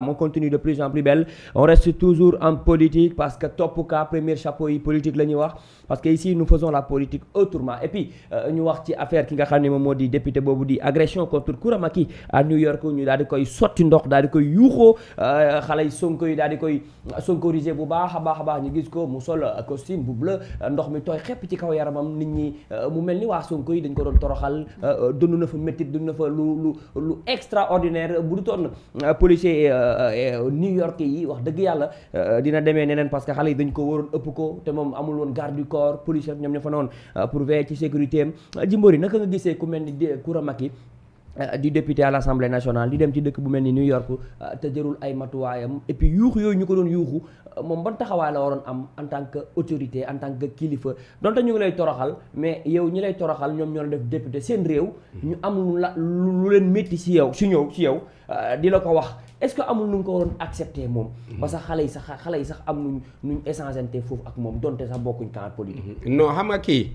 moo continue de plus en plus belle on reste toujours en politique parce que topp ka premier chapeau yi politique la ñuy wax parce que ici nous faisons la politique autrement et puis euh, ñu wax ci affaire ki nga xam ne moom moo di député boobu di agression contre Kouramaki à New York ñu daal di koy sotti ndox daal di koy yuuxoo euh, xale yi Sonko yi daal di koy sonkorisé bu baax a baax a baax ñu gis ko mu sol euh, costume bu bleu ndox mi tooy xepp ci kaw yaramam nit ñi mu mel ni waa Sonko yi dañ ko doon toroxal dund na fa métti dund na fa lu lu lu extraordinaire bu du toon policier Euh, euh, euh, New York yi wax dëgg yàlla dina demee neneen parce que xale yi dañ ko waroon ëpp ko te moom amul woon garde du corps police rek ñoom ñoo fa noonu pour veiller ci sécurité am Jimbori naka nga gisee ku mel ni Koura yi Euh, di député à l'Assemblée nationale di dem ci dëkk bu mel ni New York euh, te jërul ay matuwaayam et puis yuuxu yooyu ñu ko doon yuuxu euh, moom ban taxawaay la waroon am en tant que autorité en tant que kilifa donte ñu ngi lay toroxal mais yow ñu lay toroxal ñoom ñoo la def député seen réew. ñu am lu la lu leen métti ci yow si ñëw si yow di la ko wax est-ce que amul nu nga ko waroon accepter moom. Mm-hmm. parce que xale yi sax xale yi sax am nuñ nuñ échangeante foofu ak moom donte sax bokkuñ camp politique. Mm-hmm. non xam nga kii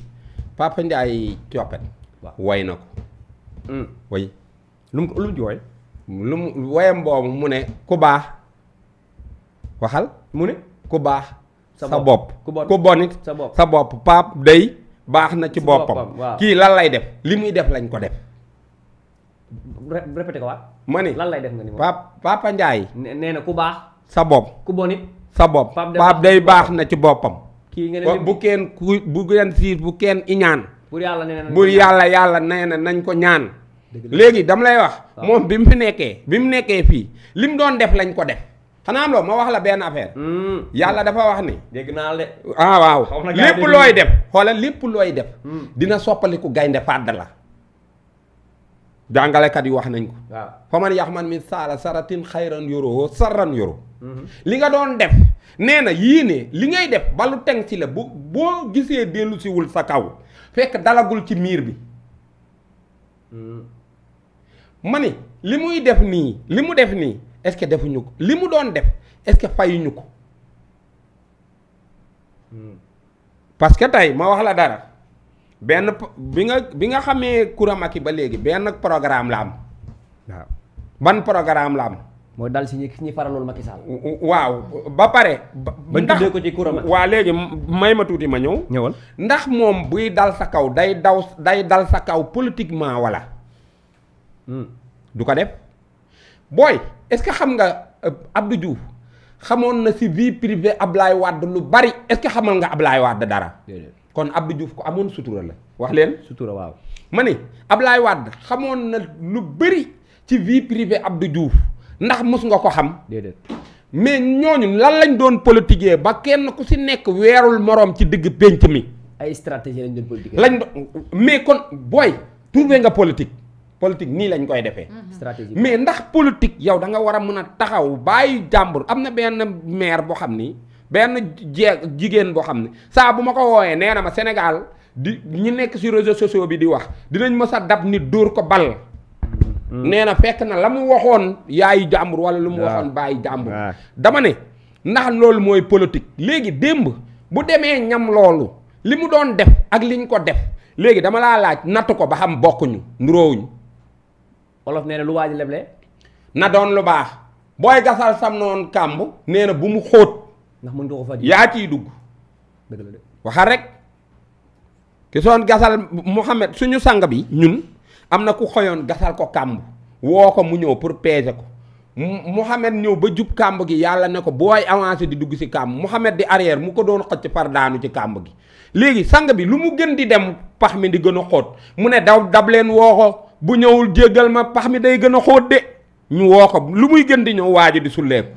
Papa Ndiaye Thiopet. waaw way na ko. way mm. lu mu lu mu jooy lu mu wayam boobu mu ne ku baax waxal mu ne ku baax sa bopp ku bonit sa bopp paap day baax na ci boppam kii lan lay def li muy def lañ ko def répété ko waat ma ni lan lay def nga ni pap papa Ndiaye nee na ku baax sa bopp ku bonit sa bopp paap day baax na ci boppam bu kenn ku bu kenn siis bu kenn iñaan bu yàlla nee na buur yàlla yàlla nee na nañ ko ñaan. léegi dam lay wax. moom bi mu fi nekkee bi mu nekkee fii li mu doon def lañ ko def. xanaa am loo ma wax la benn affaire. Hmm. yàlla dafa wax ni. dégg naa le. ah waaw lépp looy def. xoolal lépp looy def. Hmm. dina soppaliku gaynde fàdd la. jàngalekat yi wax nañ ko. waaw fa man yax man mi saala saratin xayran yoroo sarran yoroo. Mhm. li nga doon def nee na yii ne li ngay def ba lu teg ci la bu boo gisee dellu siwul sa kaw fekk dalagul ci miir bi. Mhm. ma ni li muy def nii li mu def nii est-ce que defuñu ko li mu doon def est-ce que fayuñu ko. Mhm. parce que tey ma wax la dara. benn bi nga bi nga xamee Kouramaki ba léegi benn programme la am ban programme la am. mooy dal si ñi ñi faraloon Macky Sall. waaw ba pare. ba tuddee ko ci Kouramaki waa léegi may ma tuuti ma ñëw. ñëwal ndax moom buy dal sa kaw day daw day dal sa kaw politiquement wala. Hmm. du ko def booy est-ce que xam nga euh, Abdou Diouf xamoon na si vie privée Ablaye Wade lu bari est-ce que xamal nga Ablaye Wade dara. kon Abdou Diouf ko amoon sutura la wax leen sutura waaw ma ni Ablaye Wade xamoon na lu bëri ci vie privée Abdou Diouf ndax mos nga ko xam déedéet mais ñooñu lan lañ doon politiquer ba kenn ku si nekk weerul moroom ci digg pénc mi ay stratégie lañ doon politiquer lañ doon mais kon booy trouvé nga politique politique nii lañ koy defee mhm. stratégie mais ndax politique yow da nga war a mën a taxaw bàyyi jàmbur am na benn maire boo xam ni benn jeeg jigéen boo xam ne saa bu ma ko wooyee nee na ma Sénégal di ñi nekk ci réseaux sociaux bi di wax dinañ mës a dab nit dóor ko bal. Mm-hmm. nee na fekk na la mu waxoon yaayu jàmbur wala lu mu waxoon bàyyi jàmbur. dama ne ndax loolu mooy politique léegi démb bu demee ñam loolu li mu doon def ak liñ ko def léegi dama laa laaj nattu ko ba xam bokkuñu nuróowuñu. wolof nee na lu waaj leble na doon lu baax booy gasal sam noonu kàmb nee na bu mu xóot. ndax mën nga ko yaa ciy dugg. dëgg waxal rek. ki soon gasal Mouhamed suñu sang bi ñun am na ku xoyoon gasal ko kàmb woo ko mu ñëw pour peser ko Mouhamed ñëw ba jub kàmb gi yàlla ne ko booy avancé di dugg ci kàmb Mouhamed di arrière mu ko doon xëcc par daanu ci kàmb gi léegi sang bi lu mu gën di dem pax mi di gën a xóot mu ne daw dab leen woo ko bu ñëwul jéggal ma pax mi day gën a xóot de ñu woo ko lu muy gën di ñëw waaj di sulleeku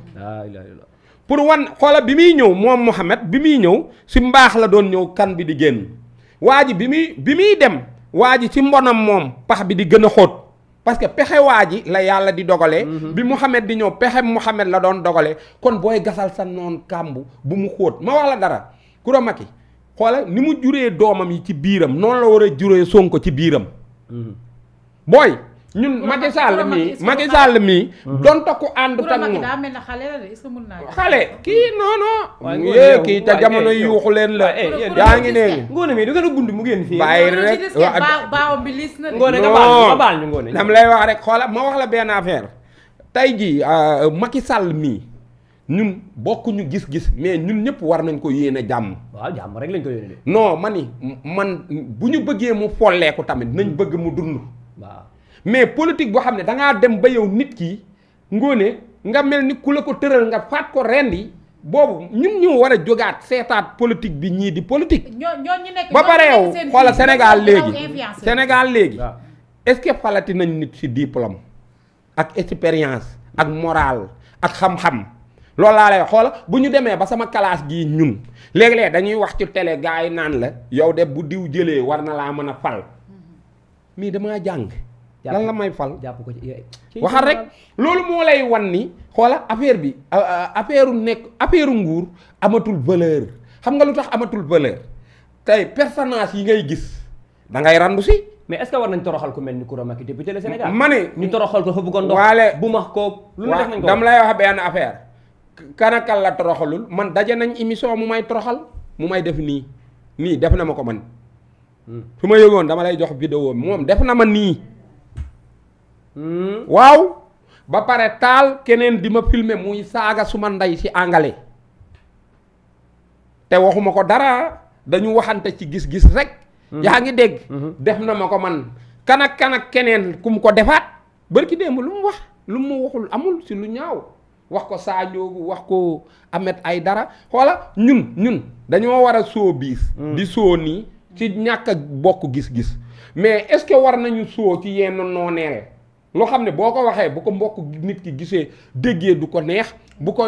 pour wan xoola bi muy ñëw moom Mouhamed bi muy ñëw si mbaax la doon ñëw kan bi di génn waa ji bi muy bi muy dem waa ji ci mbonam moom pax bi di gën a xóot parce que pexe waa ji la yàlla di dogale mhm. bi Mouhamed di ñëw pexe Mouhamed la doon dogalee kon booy gasal sa noon kàmbu bu mu xóot ma wax la dara Coura Macky xoola ni mu juree doomam yi ci biiram noonu la war a juree Sonko ci biiram mhm. booy ñun Macky Sall mii Macky Sall mii. Mm-hmm. doon tokku ànd tan moom xale kii non non. yee kii te jamono yuuxu leen la. yaa ngi ne ngoone mi du gën a gund mu génn fii. bàyyi bi liis na ngoone nga baal nga lay wax rek xoola ma wax la benn affaire tey jii euh, Macky Sall mii ñun bokkuñu gis-gis mais ñun ñëpp war nañ ko yéene jàmm. waaw jàmm rek lañ ko yéene de. man bu ñu bëggee mu folleeku tamit nañ bëgg mu dund. mais politique boo xam ne dangaa dem ba yow nit ki ngóone nga mel ni ku la ko tëral nga faat ko rendi boobu ñun ñu war a jogaat seetaat politique bi ñii di politique. ba pare yow xoola Sénégal léegi Sénégal léegi. est-ce que falati nañ nit ci diplôme ak expérience ak morale ak xam-xam loolu laa lay xoola bu ñu demee ba sama classe gii ñun léeg-léeg dañuy wax ci tele gars yi naan la yow de bu diw jëlee war na laa mën a fal mm-hmm. mais damaa jàng. lan la may fal jàpp ko ci waxal rek loolu moo lay wan ni xoola affaire bi affaire nekk affaire nguur amatul valeur xam nga lu tax amatul valeur tey personnance yi ngay gis da ngay randu si mais est-ce toroxal ku mel ni Coura Macky député le Sénégal ma ne ñu toroxal ko fa bëggoon ndox bu max koo lu def wax benn affaire kanakal la man daje nañ émission mu may toroxal mu may def nii nii def na ma ko man hmm. su ma yëgoon dama lay jox vidéo moom def na ma nii Hmm? waaw ba pare taal keneen di ma filmer muy saaga suma ndey ci anglais te waxuma ko dara dañu waxante ci gis-gis rek hmm. yaa ngi dégg hmm. def na ma ko man kanak kanak keneen kum ko defaat bërki démb lu mu wax lu mu waxul amul ci lu ñaaw wax ko saajoogu wax ko amet ay dara xoola ñun ñun dañoo war a soo biis di soo nii ci ñàkk bokk gis-gis mais est-ce que war nañu soo ci yenn nooneel loo xam ne boo ko waxee bu ko mbokk nit ki gisee déggee du ko neex bu ko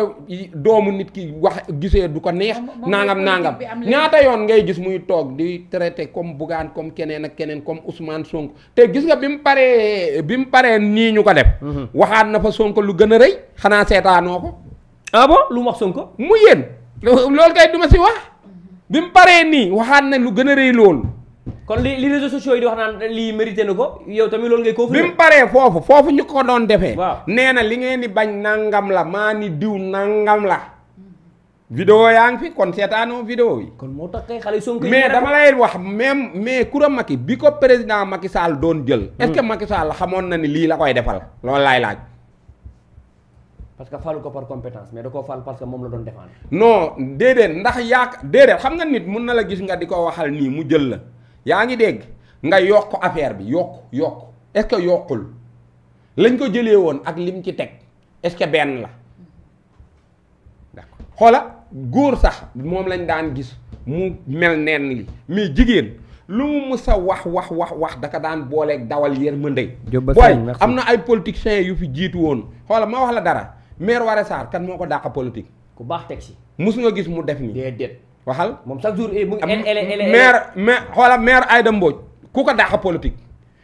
doomu nit ki wax gisee du ko neex nangam nangam ñaata yoon ngay gis muy toog di traité comme Bougane comme keneen ak keneen comme Ousmane sonk te gis nga bi mu paree bi mu paree nii ñu ko def mhm. waxaat na fa sonk lu gën a rëy xanaa seetaanoo ko ah bon lu mu wax Sonko mu yéen loolu kay duma si wax bi mu paree nii waxaat na lu gën a rëy loolu kon li li réseaux sociaux yi di wax naan lii mérité na ko yow tamit loolu ko bi mu paree foofu foofu ñu ko doon defee waaw nee na li ngeen ni bañ nangam la maa ni diw nangam la vidéo yaa ngi fi kon seetaanoo vidéo yi kon moo tax kay xale Sonko mais dama lay wax même mais Coura Macky bi ko président Macky Sall doon jël hmm. est-ce que xamoon na ni lii la koy defal loolu laay laaj parce que falu ko par compétence mais da koo fal parce que moom la doon défendre noo déedéet ndax yaak déedéet xam nga nit mun na la gis nga di ko waxal nii mu jël la yaa ngi dégg nga yokk affaire bi yokk yokk est-ce que yokkul lañ ko jëlee woon ak lim ci teg est-ce que benn la d'accord xoola góor sax moom lañ daan gis mu mel neen li mais jigéen lu mu mës a wax wax wax wax daka daan booleeg dawal ma yërmande booy am na ay politiciens yu fi jiitu woon xoola ma wax la dara maire Waré Sarr kan moo ko dàq politique ku baax teg si mus nga gis mu def ni déedéet waxal moom chaque jour eh, mu ngi. maire maire xoolal maire Aïda Mbodj ku ko dàq politique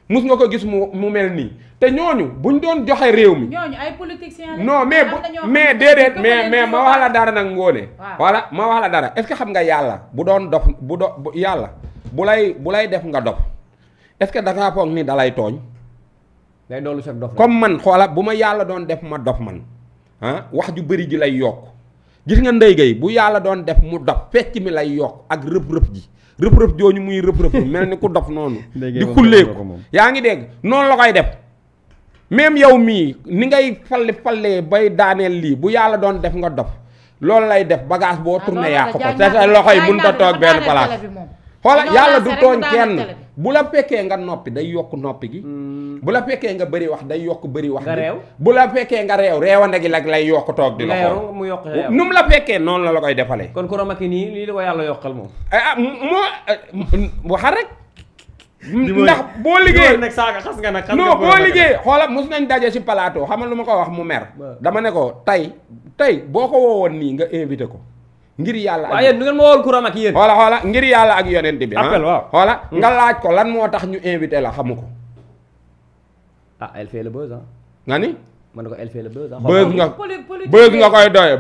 mus nga ko gis mu mu mel nii te ñooñu buñ doon joxe réew mi. ñooñu ay politiciens non mais mais déedéet mais mais ma wax la dara nag ngoone. voilà ma wax la dara est-ce que xam nga yàlla bu doon dof bu do yàlla bu lay bu lay def nga dof est-ce que da ngaa foog ni da lay tooñ. day doolu sa dof comme man xoola bu ma yàlla doon def ma dof man ah wax ju bëri ji lay yokk. gis nga ndey gay bu yàlla doon def mu dof fecc mi lay yokk ak rëb-rëb ji rëb-rëb ñu muy rëb-rëb mel ni ku dof noonu di kulleeku yaa ngi dégg noonu la koy def même yow mii ni ngay falli fallee bay daaneel lii bu yàlla doon def nga dof loolu lay def bagage boo ah, tourné yàq ko te sa loxo yi mun a toog benn place xoola yàlla du tooñ kenn bu la fekkee nga noppi day yokk noppi gi hmm. bu la fekkee nga bari wax day yokk bëri wax gi bu la fekkee nga réew réewande gi lag lay yokk toog di la xool mu yokk nu mu la fekkee noonu la la koy defalee kon ku ramaki nii lii la yàlla yokkal moom eh, ah moo eh, ndax boo liggéey nag saaga xas nga nag non boo liggéey xoola mus nañ daje si palaatoo xamal lu ma ko wax mu mer dama ne ko tey tey boo ko woowoon nii nga invité ko ngir yàlla ak yéen ngir yàlla ak yonent bi ah. appel waaw xoola hmm. nga laaj ko lan moo tax ñu invité la xamu ko ah elle fait le nga ko elle fait le buzz ah buzz koy doye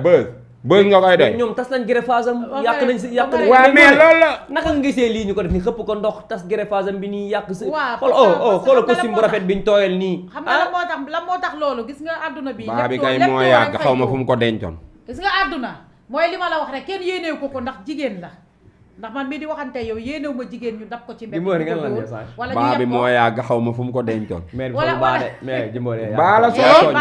buzz nga koy doy ñoom tas nañ greffage am yàq nañ si yàq nañ waaw gisee lii ñu ko def ni xëpp ko ndox tas greffage am bi nii yàq si xool oh oh xoola costume bu rafet bi ñu tooyal nii xam nga la ah. moo tax la gis nga àdduna bi baa bi kay moo yàgg xaw ma fu mu ko dencoon gis nga àdduna mooy li ma la wax rek kenn yéeneew ko ko ndax jigéen la ndax man mii di waxante yow yéenew ma jigéen ñu dab ko ci mbedd wala baa bi moo yàgg xaw ma fu mu ko dencoon wala baa la solo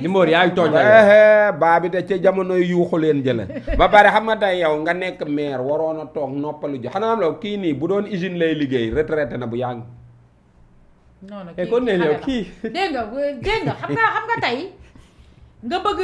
jimboor yaay eh, tooñ eh, baa bi de ca jamono yuuxu leen jëla ba pare xam nga tey yow nga nekk maire waroon a toog noppalu jo xanaa am la kii nii bu doon usine lay liggéey retraité na bu yàgg non non eh, kii kon ne yow xam nga xam nga tey nga bëgg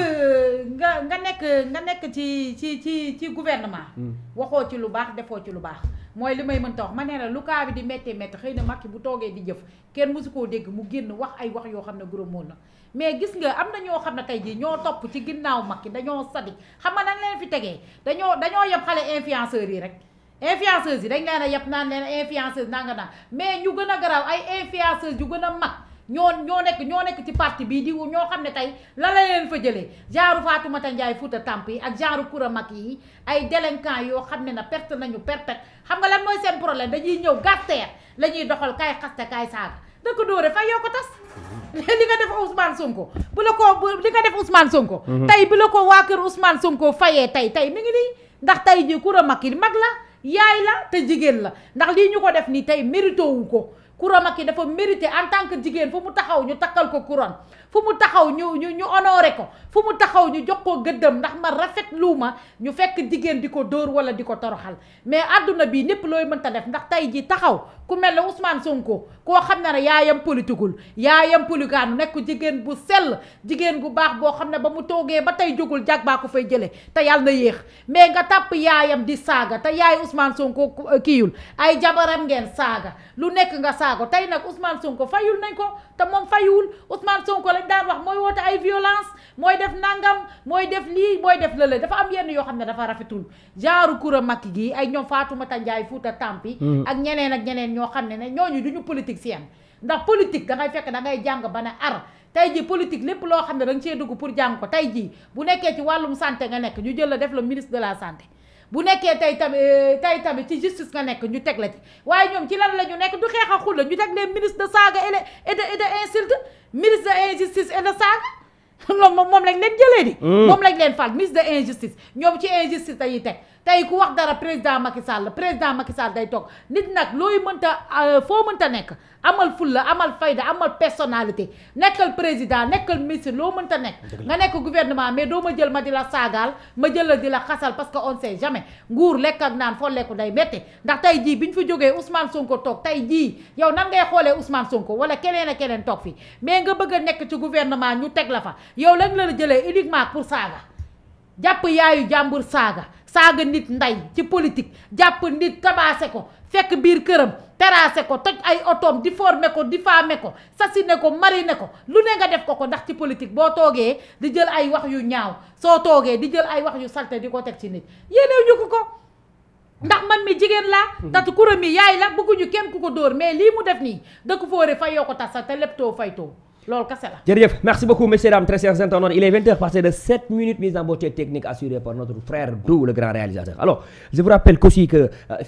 nga nga nekk nga nekk ci ci ci ci gouvernement. Hmm. waxoo ci lu baax defoo ci lu baax. mooy li may mënta wax ma ne lu kaa bi di méttee métti xëy na Macky bu toogee di jëf kenn mosu koo dégg mu génn wax ay wax yoo xam ne gros mots na mais gis nga am na ñoo xam ne tey jii ñoo topp ci mag Macky dañoo sadik xam nga nan leen fi tegee dañoo dañoo yeb xale influenceurs yi rek. influenceuses yi dañ leen a yeb naan leen influenceuse naa nga naan mais ñu gën a garaaw ay influenceuses yu gën a mag. ñoo ñoo nekk ñoo nekk ci parti bii di ñoo xam ne tey la la leen fa jëlee genre Fatoumata Ndiaye Fouta Tamp yi ak genre Koura Macky yi ay délinquant yoo xam ne na perte nañu perpète xam nga lan mooy seen problème dañuy ñëw gàtteer la ñuy doxal kay xaste kay saaga dëkk dóore fay yoo ko tas li nga def Ousmane Sonko bu la ko li nga def Ousmane Sonko mhm. tey bu la ko waa kër Ousmane fayee tey tey mi ngi tey ji Koura Macky mag la yaay la te jigéen la ndax lii ñu ko def nii tey mérito wu ko couronne Macky dafa mérité en tant que jigéen fu mu taxaw ñu takkal ko couronne fu mu taxaw ñu ñu ñu honoré ko fu mu taxaw ñu jox ko gëddam ndax ma rafet lu ma ñu fekk jigéen di ko dóor wala di ko toroxal mais àdduna bii lépp looy mënta def ndax tey ji taxaw ku mel ne Ousmane Sonko koo xam ne ne yaayam politikul yaayam polikaanu nekk jigéen bu sell jigéen bu baax boo xam ne ba mu toogee ba tey jógul jàg ko fay jëlee te yàlla na yéex mais nga tàpp yaayam di saaga te yaay Ousmane Sonko kiiyul ay jabaram ngeen saaga lu nekk nga saago tey nag Ousmane Sonko fayul nañ ko te moom fayul Ousmane Sonko lañ daan wax mooy woote ay violence mooy def nangam mooy def lii mooy def lële dafa am yenn yoo xam ne dafa rafetul jaaru kura makk gi ay ñoom Fatoumata Ndiaye a Tampi hmm. ak ñeneen ak ñeneen ñoo xam ne ne ñooñu ñu politique si ndax politique dangay fekk dangay jàng ba ne ar tey ji politique lépp loo xam ne danga cee dugg pour jàng ko tey jii bu nekkee ci wàllum santé nga nekk ñu jël la def la ministre de la santé bu nekkee tey tamit eh, tey tamit ci justice nga nekk ñu teg la ci waaye ñoom ci lan la ñu nekk du xeex a xul la ñu teg les ministres de saaga et de et de insulte ministre de injustice et de saaga loolu moom moom lañ leen jëlee di hmm. moom lañ leen fal ministre de injustice ñoom ci injustice dañuy teg tey ku wax dara président Macky Sall président Macky Sall day toog nit nag looy mënta euh, foo mënta nekk amal fulla amal fayda amal personnalité nekkal président nekkal ministre loo mënta nekk nga nekk gouvernement mais doo ma jël ma di la saagaal ma jël la di la xasal parce que on sait jamais nguur lekk ak naan foo lekku day métti ndax tey jii bi ñu fi jógee Ousmane Sonko toog tey jii yow nan ngay xoolee Ousmane Sonko wala keneen ak keneen toog fi mais nga bëgg a nekk ci gouvernement ñu teg la fa yow lañ la jëlee uniquement pour saaga jàpp yaayu jàmbur saaga saaga nit ndey ci politique jàpp nit tabaase ko fekk biir këram terrassé ko toj ay otoom difformé ko di diffamé ko sasiné ko ne ko lu ne nga def ko ko ndax ci politique boo toogee di jël ay wax yu ñaaw soo toogee di jël ay wax yu salte di ko teg ci nit yéenew ñu ko ko ndax man mi jigéen laa mhm. tatu kuram mi yaay la bëgguñu kenn ku ko dóor mais lii mu def nii dëkk fóore fayoo ko tas sa te lépp too fay too loolu merci beaucoup messieurs dames très chers internautes il est 20h passé de 7 minutes mise en beauté technique assurée par notre frère Dou le grand réalisateur alors je vous rappelle aussi que euh,